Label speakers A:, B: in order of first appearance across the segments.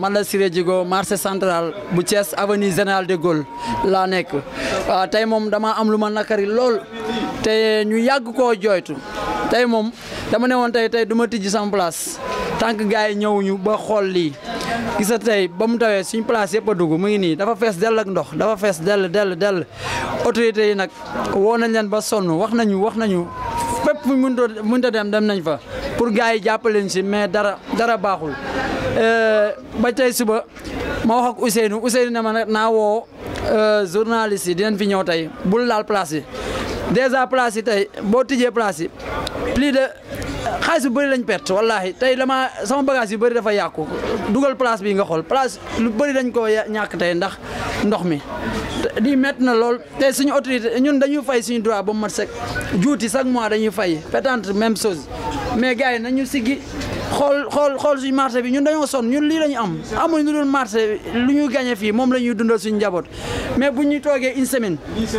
A: man la Siré jigo marché central bu Thiès avenue général de Gaulle laa nekk waaw tey moom dama am lu ma nakari lool te ñu yàgg koo jooytu tey moom dama ne woon tey tey du ma tijji sama place tànk gars yi ñëwuñu ba xool lii gisa tey ba mu tawee suñ place yëpp a dugg mu ngi nii dafa fees dell ak ndox dafa fees dell dell dell autorités yi nag woo nañ leen ba sonn wax nañu wax nañu fépp fu mënut a dem dem nañ fa pour gars yi jàppaleen si mais dara dara baaxul Euh, ba tey suba ma wax ak Ousseynou Ousseynou na ma nag naa woo euh, journaliste yi dinañ fi ñëw tey bul laal place yi déjà place yi tey boo tijjee place yi plus de xaalis bu bëri lañ perte wallahi tey dama sama bagage yu bëri dafa yàqu dugal place bi nga xool place lu bëri dañ koo ñàkk tey ndax ndox mi di métti na lool te suñu autorité ñun dañuy fay suñu droit ba mu mat sek juuti chaque mois dañuy fay pétante même chose mais gars yi nañu siggi xool xool xool suñ marché bi ñun dañoo sonn ñun lii la ñu am amuñ lu dul marché lu ñuy gagné fii moom la ñuy dundal suñu njaboot mais bu ñu toogee une semaine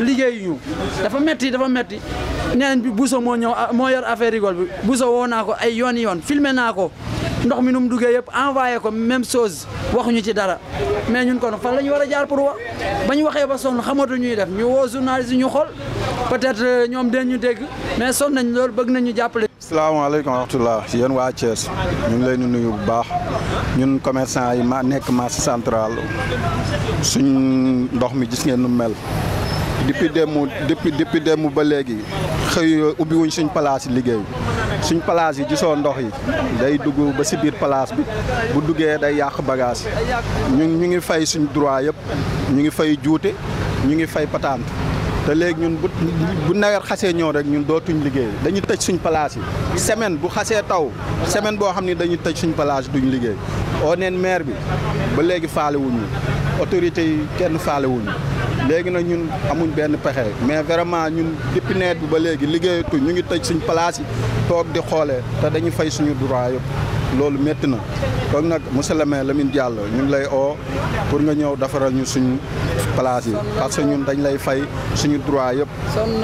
A: liggéey ñu dafa metti dafa metti neen bi Bousso moo ñëw moo yor affaire rigole bi Bousso woo naa ko ay yoon yoon filmé naa ko ndox mi nu mu duggee yëpp envoyé ko même chose waxuñu ci dara mais ñun kon fan la ñu war a jaar pour wax ba ñu waxee ba sonn xamatuñuy ñuy def ñu woo journaliste ñu xool peut-être euh, ñoom den ñu dégg mais sonn nañ loolu bëgg nañu jàppale.
B: salaamaaleykum wa rahmatulah yéen waa Thiès ñu ngi leen di nuyu bu baax ñun commerçant yi ma nekk marché central suñ ndox mi gis ngeen nu mel. depuis démb depuis depuis démb ba léegi xëy ubbiwuñ wuñ suñ place liggéey. suñ palaas yi di soo ndox yi day dugg ba si biir palaas bi bu duggee day yàq bagage ñu ñu ngi fay suñ droit yëpp ñu ngi fay juute ñu ngi fay patante te léegi ñun bu bu nawet xasee ñëw rek ñun dootuñ liggéey dañu tëj suñ palaas yi semaine bu xasee taw semaine boo xam ne dañu tëj suñ palaas duñ liggéey oo neen maire bi ba léegi faale wuñu autorité yi kenn faale léegi nag ñun amuñ benn pexe mais vraiment ñun depuis nawet bi ba léegi liggéeyatu ñu ngi tëj suñu place yi toog di xoolee te dañu fay suñu droit yëpp loolu métti na. kon nag monsieur le maire Lamine Diallo ñu ngi lay oo pour nga ñëw defaral ñu suñu. place yi parce que ñun dañ lay fay suñu droit yëpp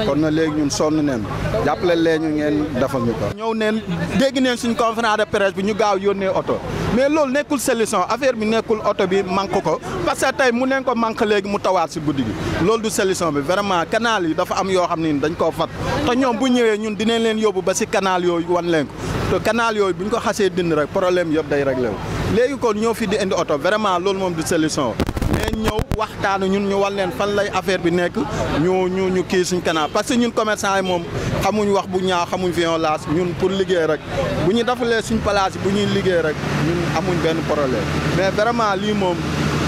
B: kon na léegi ñun sonn neen jàppale leen ñu ngeen defal ñu ko ñëw neen dégg neen suñu conférence de presse bi ñu gaaw yónnee oto mais loolu nekkul solution affaire bi nekkul oto bi manque ko parce que tey mu neen ko manque léegi mu tawaat si guddi gi loolu du solution bi vraiment canal yi dafa am yoo xam ne dañ koo fat te ñoom bu ñëwee ñun dinañ leen yóbbu ba si kanaal yooyu wan leen ko te canal yooyu bu ñu ko xasee dindi rek problème yëpp day réglé wu léegi kon ñoo fi di indi oto vraiment loolu moom du solution mais ñëw waxtaanu ñun ñu wan leen fan lay affaire bi nekk ñu ñu ñu kii suñ kanam parce que ñun commerçant yi moom xamuñ wax bu ñaaw xamuñ violence ñun pour liggéey rek bu ñu defalee suñ place yi bu ñuy liggéey rek ñun amuñ benn problème mais vraiment lii moom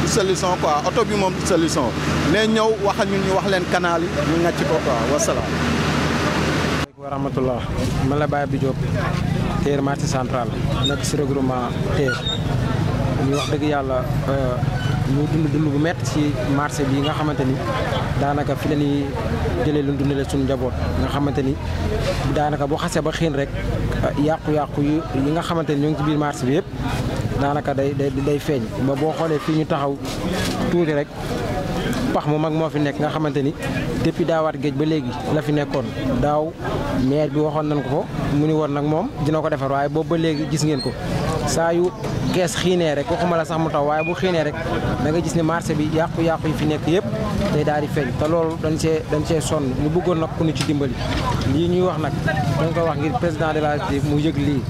B: du solution quoi oto bi moom du solution mais ñëw waxal ñun
C: ñu wax leen canal yi ñu ngacc ko quoi wasalaam. wa rahmatullah man la Baye Abdou Diop TER marché central nekk si regroupement wax dëgg yàlla. Euh, mu dund dund bu métti ci marché bi nga xamante ni daanaka fi la ñuy jëlee lu dundale suñu njaboot nga xamante ni daanaka bu xasee ba xiin rek ah, yàqu-yàqu yi nga xamante ni ñoo ngi ci biir marché bi yëpp daanaka day day day feeñ ba boo xoolee fii ñu taxaw tuuti rek pax mu mag moo fi nekk nga xamante ni depuis daawaat géej ba léegi la fi nekkoon daaw maire bi waxoon nañ ko ko mu ni woon nag moom dina ko defar waaye boobu ba léegi gis ngeen ko saa yu gees xiinee rek waxuma la sax mu taw waaye bu xiinee rek da nga gis ni marché bi yàqu-yàqu yi fi nekk yëpp day daal di feeñ te loolu dañ see dañ see sonn ñu bëggoon nag ku ñu ci dimbali lii ñuy wax nag dañ koy wax ngir président de la République mu yëg lii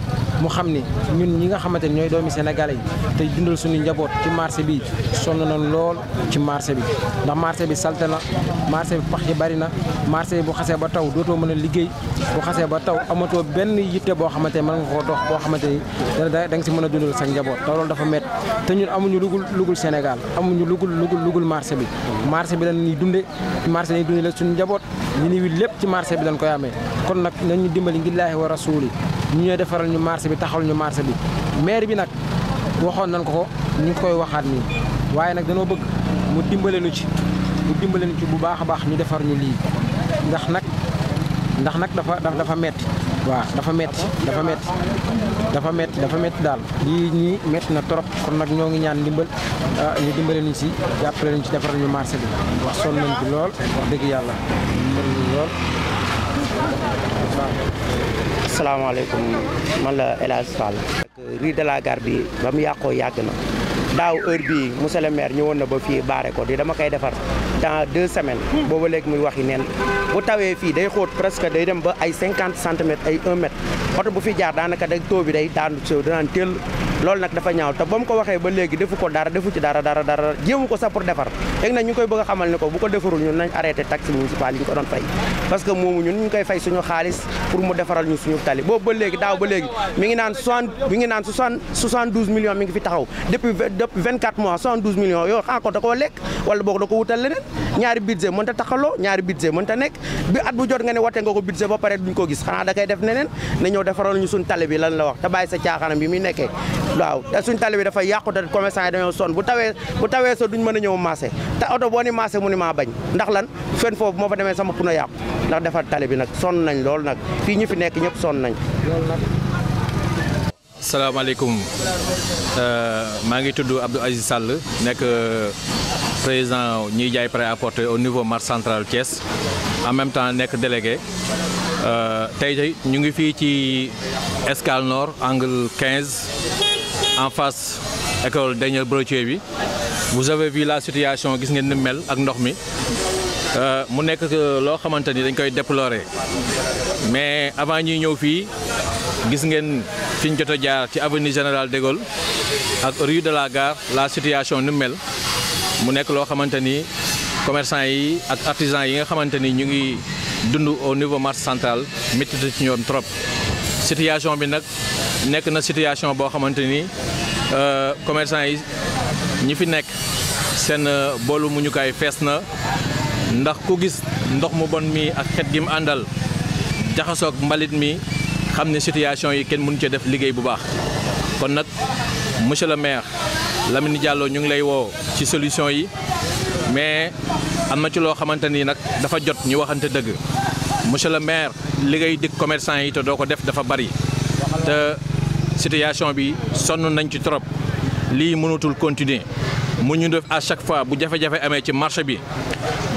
C: mu xam ni ñun ñi nga xamante ni ñooy doomi Sénégalais yi tey dundal suñu njaboot ci marché bi sonn na lool ci marché bi ndax marché bi salte na marché bi pax yi bari na marché bi bu xasee ba taw dootoo mën a liggéey bu xasee ba taw amatoo benn yitte boo xamante ni mën nga koo dox boo xamante ni da nga si mën a dundal sa njaboot te loolu dafa métti te ñun amuñu lugul lugul Sénégal amuñu lugul lugul lugul marché bi marché bi lañuy dunde marché lañuy dunde la suñu njaboot ñu ni wi lépp ci marché bi lañ koy amee kon nag nañu dimbali ngillaahi wa rasuuli ñu ñooy defaral ñu marché bi taxal ñu marché bi maire bi nag waxoon nañ ko ko ñu koy waxaat nii waaye nag danoo bëgg mu dimbale nu ci mu dimbale nu ci bu baax a baax ñu defar ñu lii ndax nag ndax nag dafa dafa metti waaw dafa metti dafa metti dafa metti dafa metti daal lii ñii metti na trop kon nag ñoo ngi ñaan ndimbal ah, ñu dimbale ñu si jàppale ñu ci defaral ñu marché bi wax sonn nañ ci lool wax dëgg yàlla lool
D: asalaamaaleykum man la El Hadj Fall. rue de la gare bi ba mu yàqoo yàgg na daaw heure bii monsieur le maire ñëwoon na ba fii baare ko di dama koy defar dans deux semaines. booba léegi muy waxi neen bu tawee fii day xóot presque day dem ba ay cinquante centimètres ay un mètre oto bu fi jaar daanaka day taux bi day daanu suuf danaan teel lool nag dafa ñaaw te ba mu ko waxee ba léegi defu ko dara defu ci dara dara dara jéemu ko sax pour defar. léegi nag ñu koy bëgg a xamal ne ko bu ko defarul ñun nañ arrêté taxe municipal yi ñu ko doon fay parce que moomu ñun ñu koy fay suñu xaalis pour mu defaral ñu suñu tali boobu ba léegi daaw ba léegi mi ngi naan soixante naan soixante soixante douze millions mi ngi fi taxaw depuis depuis ñaari ta nekk bi at bu jot nga ne wate nga ko budget ba pare duñ ko gis xanaa da koy def neneen na ñëw defaral ñu suñu tali bi lan la wax te bàyyi sa caaxaanam bi muy nekkee waaw te suñu a te oto boo ni maase mu ni maa bañ ndax lan fen foofu moo fa demee sama puna yàqu ndax defar tali bi nag sonn nañ lool nag fii ñu fi nekk ñëpp sonn
E: nañ. salaamaaleykum euh, maa ngi tudd Abdou Aziz Sall nekk euh, président ñuy jaay prêt à au niveau marché central Thiès en même temps nekk délégué euh, tey tey ñu ngi fii ci Escale Nord angle 15 en face école Daniel Brottier bi. vous avez vu la situation gis ngeen ni mel ak ndox mi euh, mu nekk loo xamante ni dañ koy déplorer mais avant ñuy ñëw fii gis ngeen fi ñu jot a jaar ci avenue Général de Gaulle ak rue de la Gare la situation ni mel mu nekk loo xamante ni commerçant yi ak artisan yi nga xamante ni ñu ngi dund au niveau marché central métti ci ñoom trop situation bi nag nekk na situation boo xamante ni euh, commerçant yi. ñi fi nekk seen euh, boolu muñukaay fees na ndax ku gis ndox mu bon mi ak xet gi mu àndal jaxasoog mbalit mi xam ne situation yi kenn mënu ci def liggéey bu baax kon nag monsieur le maire Lamine jàlloo ñu ngi lay woo ci solution yi mais am na ci loo xamante ni nag dafa jot ñu waxante dëgg monsieur le maire li ngay dig commerçant yi te doo ko def dafa bari te situation bi sonn nañ ci trop lii mënatul continuer mu ñu def à chaque fois bu jafe-jafe amee ci marché bi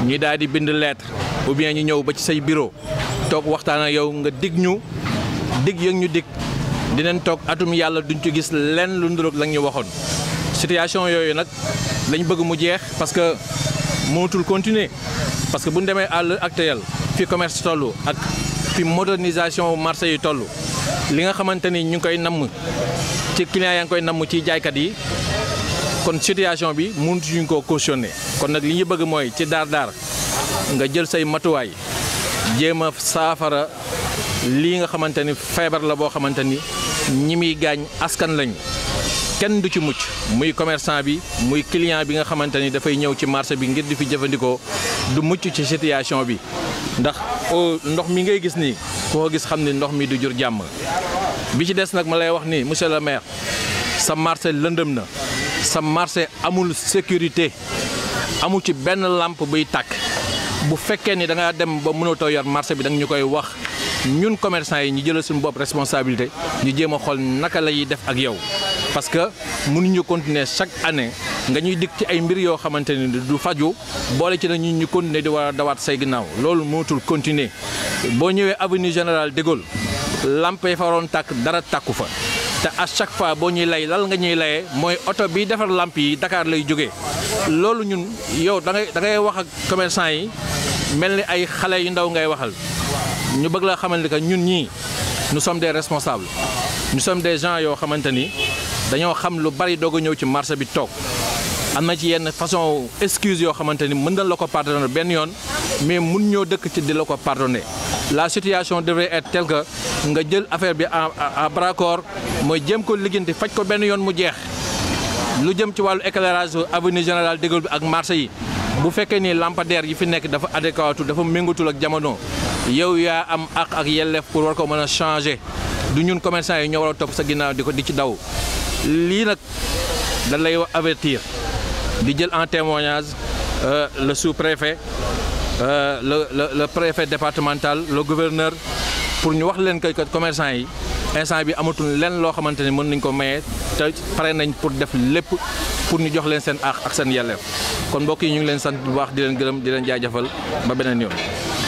E: ñu daal di bind lettre ou bien ñu ñëw ba ci say bureau toog waxtaan ak yow nga digg ñu dig yëg ñu dig dinañ toog atum yàlla duñ ci gis leen lu nduróog la ñu waxoon situation yooyu nag lañ bëgg mu jeex parce que mënatul continuer parce que bu ñu demee àll actuel fi commerce toll ak fi modernisation marché yi toll li nga xamante ni ñu ngi koy namm ci client yaa ngi koy namm ci jaaykat yi kon situation bi mënatuñu koo cautionné kon nag li ñu bëgg mooy ci daar daar nga jël say matuwaay jéem a saafara lii nga xamante ni feebar la boo xamante ni ñi muy gaañ askan lañu kenn du ci mucc muy commerçant bi muy client bi nga xamante ni dafay ñëw ci marché bi ngir di fi jëfandikoo du mucc ci situation bi ndax oh, ndox mi ngay gis nii koo gis xam ne ndox mi du jur jàmm bi ci des nag ma lay wax ni monsieur le maire sa marché lëndëm na sa marché amul sécurité amul ci benn làmp buy tàkk bu fekkee ni da ngaa dem ba mënatoo yor marché bi da ñu koy wax ñun commerçant yi ñu jëlal suñu bopp responsabilité ñu jéem a xool naka la ñuy def ak yow parce que mënuñu continuer chaque année nga ñuy dig ci ay mbir yoo xamante ni du faju boole ci na ñun ñu continuer di war dawaat say ginnaaw loolu mootul continuer boo ñëwee avenue général de lamp ya fa waroon tàkk dara tàkku fa te à chaque fois boo ñuy lay lal nga ñuy layee mooy oto bi defar làmp yi dakaar lay jóge loolu ñun yow da da ngay wax ak commerçant yi mel ni ay xale yu ndaw ngay waxal ñu bëgg laa xamal ni que ñun ñii nous sommes des responsables nous sommes des gens yoo xamante ni dañoo xam lu bari doog a ñëw ci marché bi toog am na ci yenn façon excuse yoo xamante ni mën na la ko pardonner benn yoon mais mun ñoo dëkk ci di la ko pardonner la situation devrait être telle nga jël affaire bi à bras corps mooy jëm ko liggéenti faj ko benn yoon mu jeex lu jëm ci wàllu éclairage avenue Général de bi ak marché yi bu fekkee ni lampadaire yi fi nekk dafa adéquatu dafa méngatul ak jamono yow yaa am àq ak yelleef pour war ko mën a changer du ñun commerçant yi ñoo war topp sa ginnaaw di ko di ci daw lii nag da lay avertir di jël en témoignage euh, le sous-préfet Euh, le le préfet départemental la gouverneur pour ñu wax leen que commerçant yi instant bi amatul lenn loo xamante ni mën nañ ko maye te pare nañ pour def lépp pour ñu jox leen seen aax ak seen yelleef kon mbokk yi ñu ngi leen sant bu baax di leen gërëm di leen jaajafal ba beneen yoon.